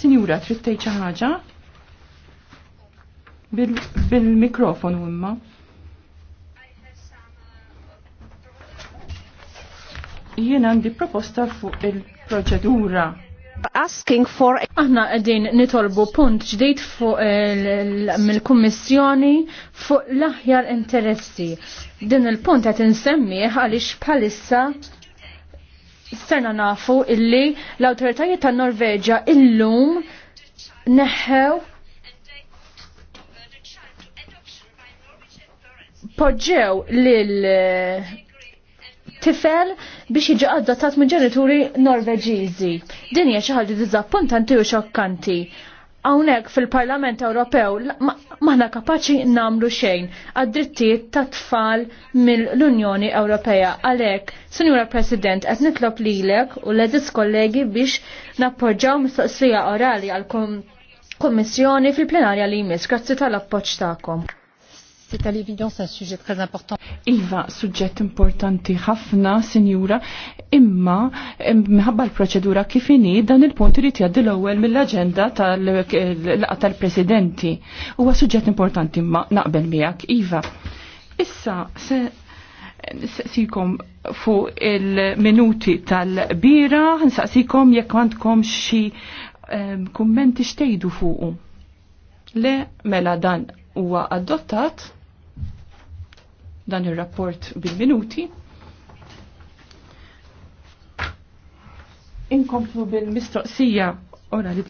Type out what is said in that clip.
Sinjura, trid tgħid xi ħaġa? bil mikrofon bil imma. Jien għandi proposta fuq il-proċedura asking for aħna qegħdin nitolbu punt ġdid fuq mill-Kummissjoni fuq l-aħjar interessi. Din il-punt qed insemmi għaliex bħalissa esterna nafu illi l-autoritajiet ta' Norveġa illum neħew poġġew lil tifel biex jiġi adottat minn ġenituri norveġiżi. Din hija xi ħaġa diżappuntanti u xokkanti hawnhekk fil-Parlament Ewropew maħna kapaċi namlu xejn għad-drittijiet ta' tfal mill-Unjoni Ewropea. Għalhekk, Sinjura President, qed nitlob lilek u l-eżis kollegi biex nappoġġaw mistoqsija orali għal Kommissjoni fil-plenarja li jmiss. Grazzi tal-appoġġ tagħkom. C'est à l'évidence un sujet très important. Iva, suġġett importanti ħafna, sinjura, imma minħabba l-proċedura kif inhi dan il-punt irid jgħaddi l-ewwel mill agenda tal-presidenti. Huwa suġġett importanti imma naqbel miegħek. Iva, issa se nsaqsikom fuq il-minuti tal-bira, nsaqsikom jekk għandkom xi ehm, kummenti xtejdu fuqu. Le, mela dan huwa adottat dan ir-rapport bil-minuti. Inkomplu bil-mistoqsija li.